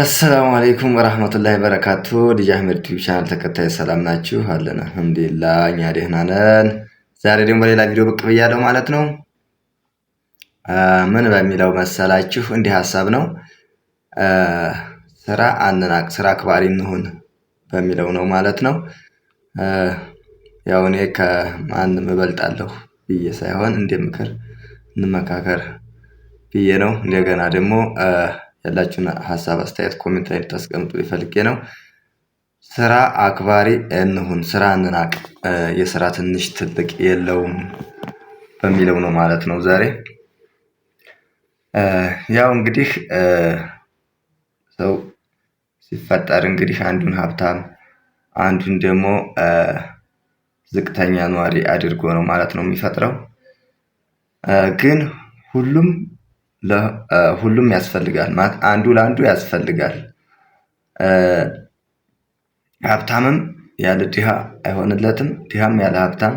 አሰላሙ አሌይኩም ወራህመቱላሂ በረካቱ ዲጂ አህመድ ዩቲዩብ ቻናል ተከታይ ሰላም ናችሁ? አለን አልሐምዱሊላህ፣ እኛ ደህና ነን። ዛሬ ደግሞ በሌላ ቪዲዮ ብቅ ብያለሁ ማለት ነው። ምን በሚለው መሰላችሁ? እንዲህ ሀሳብ ነው። ስራ አንናቅ፣ ስራ አክባሪ እንሁን በሚለው ነው ማለት ነው። ያው እኔ ከማንም እበልጣለሁ ብዬ ሳይሆን እንደ ምክር እንመካከር ብዬ ነው። እንደገና ደግሞ ያላችሁን ሀሳብ አስተያየት ኮሜንት ላይ ልታስቀምጡ ይፈልጌ ነው። ስራ አክባሪ እንሁን፣ ስራ እንናቅ፣ የስራ ትንሽ ትልቅ የለውም በሚለው ነው ማለት ነው። ዛሬ ያው እንግዲህ ሰው ሲፈጠር እንግዲህ አንዱን ሀብታም አንዱን ደግሞ ዝቅተኛ ኗሪ አድርጎ ነው ማለት ነው የሚፈጥረው ግን ሁሉም ለሁሉም ያስፈልጋል ማለት አንዱ ለአንዱ ያስፈልጋል። ሀብታምም ያለ ድሃ አይሆንለትም ድሃም ያለ ሀብታም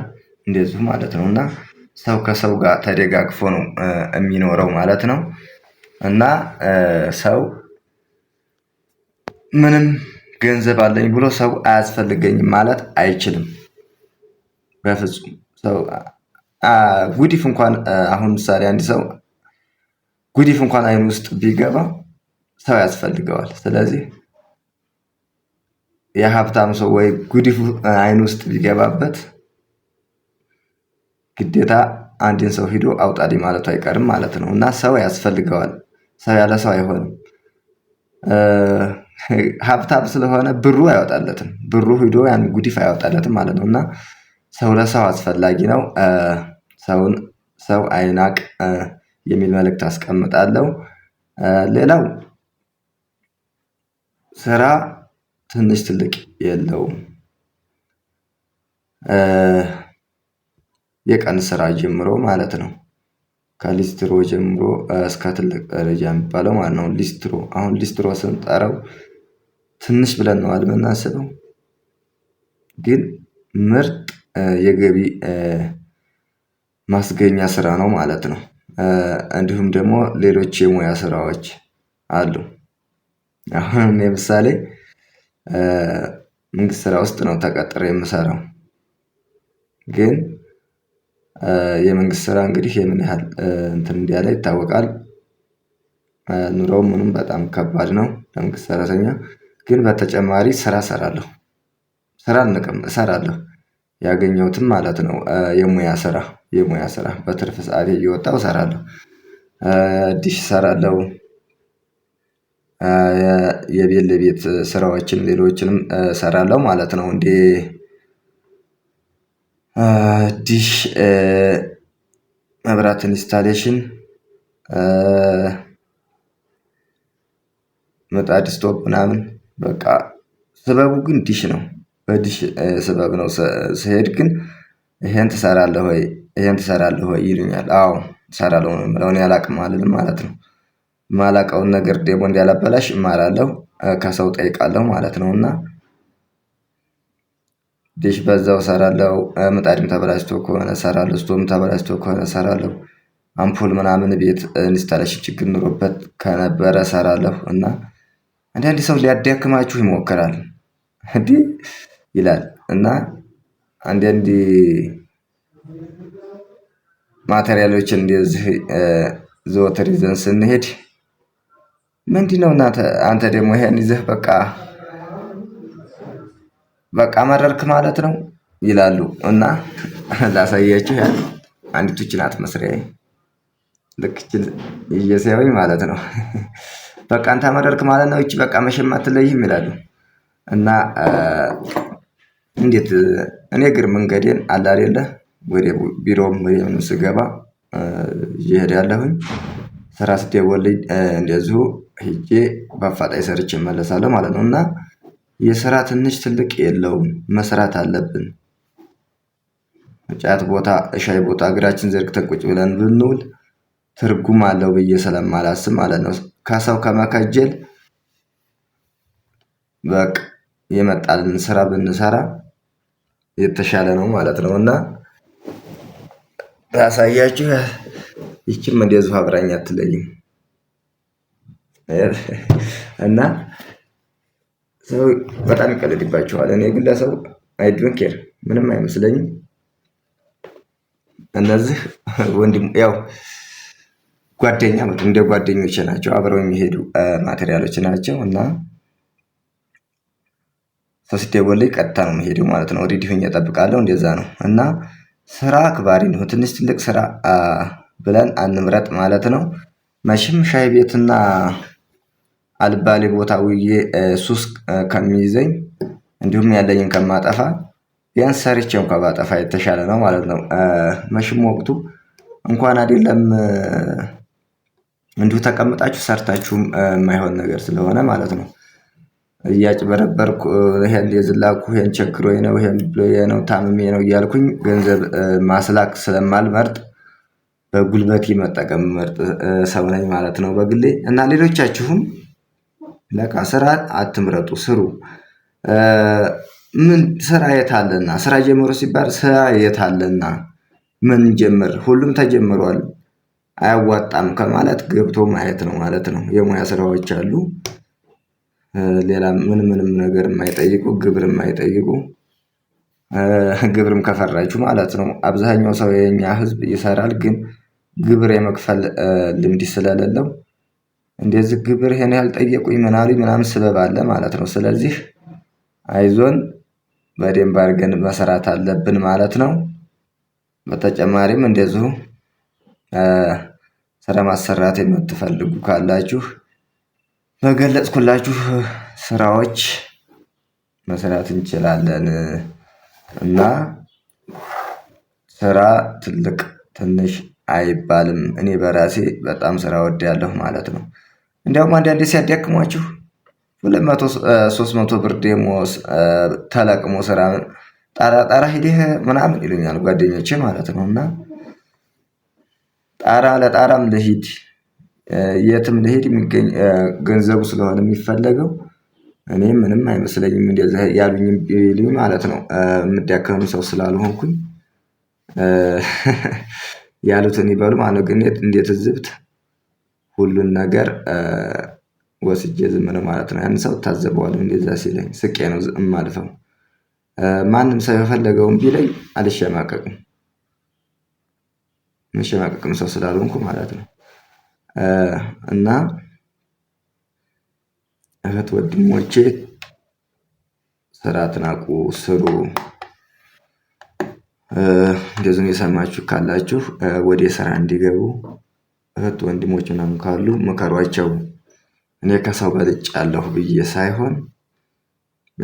እንደዚሁ ማለት ነው። እና ሰው ከሰው ጋር ተደጋግፎ ነው የሚኖረው ማለት ነው። እና ሰው ምንም ገንዘብ አለኝ ብሎ ሰው አያስፈልገኝም ማለት አይችልም። በፍጹም ሰው ጉዲፍ እንኳን አሁን ምሳሌ አንድ ሰው ጉዲፍ እንኳን አይን ውስጥ ቢገባ ሰው ያስፈልገዋል። ስለዚህ የሀብታም ሰው ወይ ጉዲፍ አይን ውስጥ ቢገባበት ግዴታ አንድን ሰው ሂዶ አውጣዲ ማለቱ አይቀርም ማለት ነው እና ሰው ያስፈልገዋል። ሰው ያለ ሰው አይሆንም። ሀብታም ስለሆነ ብሩ አይወጣለትም። ብሩ ሂዶ ያን ጉዲፍ አይወጣለትም ማለት ነው እና ሰው ለሰው አስፈላጊ ነው። ሰውን ሰው አይናቅ። የሚል መልእክት አስቀምጣለሁ። ሌላው ስራ ትንሽ ትልቅ የለውም። የቀን ስራ ጀምሮ ማለት ነው። ከሊስትሮ ጀምሮ እስከ ትልቅ ደረጃ የሚባለው ማለት ነው። ሊስትሮ አሁን ሊስትሮ ስንጠራው ትንሽ ብለን ነው አልምናስበው፣ ግን ምርጥ የገቢ ማስገኛ ስራ ነው ማለት ነው እንዲሁም ደግሞ ሌሎች የሙያ ስራዎች አሉ። አሁን ለምሳሌ መንግስት ስራ ውስጥ ነው ተቀጥሬ የምሰራው። ግን የመንግስት ስራ እንግዲህ የምን ያህል እንትን እንዳለ ይታወቃል። ኑሮው ምንም በጣም ከባድ ነው ለመንግስት ሰራተኛ ግን በተጨማሪ ስራ ሰራለሁ፣ ስራ አልንቅም እሰራለሁ ያገኘሁትም ማለት ነው የሙያ ስራ የሙያ ስራ በትርፍ ሰዓቴ እየወጣው እሰራለሁ። ዲሽ እሰራለሁ። የቤት ለቤት ስራዎችን ሌሎችንም እሰራለሁ ማለት ነው። እንደ ዲሽ መብራት ኢንስታሌሽን ምጣድ ስቶፕ ምናምን በቃ ስበቡ ግን ዲሽ ነው። በዲሽ ስበብ ነው ስሄድ ግን ይሄን ትሰራለህ ወይ? ይህን ትሰራለህ ወይ ይሉኛል? አዎ ትሰራለሁ ነው የምለው እኔ አላውቅም አልልም ማለት ነው። ማላቀውን ነገር ደግሞ እንዲያላበላሽ እማራለሁ ከሰው እጠይቃለሁ ማለት ነው። እና ዲሽ በዛው እሰራለሁ ምጣድም ተበላሽቶ ከሆነ እሰራለሁ ስቶም ተበላሽቶ ከሆነ እሰራለሁ። አምፖል ምናምን ቤት ኢንስታሌሽን ችግር ኖሮበት ከነበረ እሰራለሁ። እና አንዳንድ ሰው ሊያዳክማችሁ ይሞክራል እንዲህ ይላል እና አንዳንዴ ማቴሪያሎች እንደዚህ ዘወትር ይዘን ስንሄድ ምንድን ነው አንተ ደግሞ ይሄን ይዘህ በቃ በቃ መረርክ ማለት ነው ይላሉ። እና ላሳያችሁ ያ አንዲቱ ችናት መስሪያ ልክችል እየሰያዊ ማለት ነው በቃ አንተ መረርክ ማለት ነው። እቺ በቃ መሸማት ለይህም ይላሉ። እና እንዴት እኔ እግር መንገዴን አላል ወደ ቢሮም ወዲያውኑ ስገባ እየሄደ ያለሁኝ ስራ ሲደወልልኝ እንደዚሁ ሄጄ በአፋጣኝ ሰርች እመለሳለሁ ማለት ነው። እና የስራ ትንሽ ትልቅ የለውም መስራት አለብን። ጫት ቦታ ሻይ ቦታ እግራችን ዘርግተን ቁጭ ብለን ብንውል ትርጉም አለው ብዬ ስለማላስብ ማለት ነው። ከሰው ከመከጀል በቃ የመጣልን ስራ ብንሰራ የተሻለ ነው ማለት ነው። እና ታሳያችሁ ይችም እንደዚሁ አብራኝ አትለይም እና ሰው በጣም ይቀልድባቸዋል። እኔ ግን ለሰው አይ ዶንት ኬር ምንም አይመስለኝም። እነዚህ ወንድም ያው ጓደኛ እንደ ጓደኞች ናቸው፣ አብረው የሚሄዱ ማቴሪያሎች ናቸው እና ሰው ሲደወልልኝ ቀጥታ ነው መሄደው ማለት ነው። ሬዲ ሆኜ እጠብቃለሁ። እንደዛ ነው እና ስራ አክባሪ ነው። ትንሽ ትልቅ ስራ ብለን አንምረጥ ማለት ነው። መቼም ሻይ ቤትና አልባሌ ቦታ ውዬ ሱስ ከሚይዘኝ እንዲሁም ያለኝን ከማጠፋ ቢያንስ ሰርቼ እንኳ ባጠፋ የተሻለ ነው ማለት ነው። መሽም ወቅቱ እንኳን አይደለም እንዲሁ ተቀምጣችሁ ሰርታችሁም የማይሆን ነገር ስለሆነ ማለት ነው እያጭበረበርኩ ይሄን የዝላኩ ይሄን ቸግሮኝ ነው ይሄን ነው ታምሜ ነው እያልኩኝ ገንዘብ ማስላክ ስለማልመርጥ በጉልበት መጠቀም ምርጥ ሰው ነኝ ማለት ነው በግሌ። እና ሌሎቻችሁም በቃ ስራ አትምረጡ፣ ስሩ። ምን ስራ የት አለና ስራ ጀምሮ ሲባል ስራ የት አለና ምን ጀምር፣ ሁሉም ተጀምሯል፣ አያዋጣም ከማለት ገብቶ ማየት ነው ማለት ነው። የሙያ ስራዎች አሉ። ሌላ ምን ምንም ነገር የማይጠይቁ ግብር የማይጠይቁ ግብርም ከፈራችሁ ማለት ነው። አብዛኛው ሰው የኛ ህዝብ ይሰራል ግን ግብር የመክፈል ልምድ ስለሌለው እንደዚህ ግብር ይሄን ያህል ጠየቁኝ ምን ምናምን ስበብ አለ ማለት ነው። ስለዚህ አይዞን በደንብ አድርገን መሰራት አለብን ማለት ነው። በተጨማሪም እንደዚሁ ስራ ማሰራት የምትፈልጉ ካላችሁ በገለጽኩላችሁ ስራዎች መስራት እንችላለን። እና ስራ ትልቅ ትንሽ አይባልም እኔ በራሴ በጣም ስራ እወዳለሁ ማለት ነው። እንዲያውም አንዳንዴ ሲያዳክሟችሁ ሁለት መቶ ሶስት መቶ ብር ደሞዝ ተለቅሞ ስራ ጣራ ጣራ ሄደህ ምናምን ይሉኛል ጓደኞቼ ማለት ነው። እና ጣራ ለጣራም ልሂድ የትም ልሄድ የሚገኝ ገንዘቡ ስለሆነ የሚፈለገው እኔ ምንም አይመስለኝም እንደዚህ ያሉኝ ቢሉኝ ማለት ነው የምዳከም ሰው ስላልሆንኩኝ ያሉትን ይበሉ ማለት ነው። ግን እንዴት ዝብት ሁሉን ነገር ወስጄ ዝም ነው ማለት ነው። ያን ሰው ታዘበዋል እንደዛ ሲለኝ ስቄ ነው የማልፈው። ማንም ሰው የፈለገውን ቢለኝ አልሸማቀቅም። የምሸማቀቅም ሰው ስላልሆንኩ ማለት ነው እና እህት ወንድሞቼ ስራ አትናቁ፣ ስሩ። እንደዚሁም የሰማችሁ ካላችሁ ወደ ስራ እንዲገቡ እህት ወንድሞች ምናምን ካሉ ምከሯቸው። እኔ ከሰው በልጫለሁ ብዬ ሳይሆን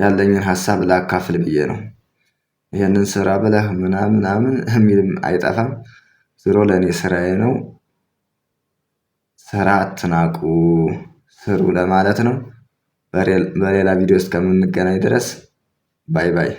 ያለኝን ሀሳብ ላካፍል ብዬ ነው። ይህንን ስራ ብለህ ምናምን ምናምን የሚልም አይጠፋም። ዝሮ ለእኔ ስራዬ ነው። ስራ አትናቁ ስሩ ለማለት ነው። በሌላ ቪዲዮ እስከምንገናኝ ድረስ ባይ ባይ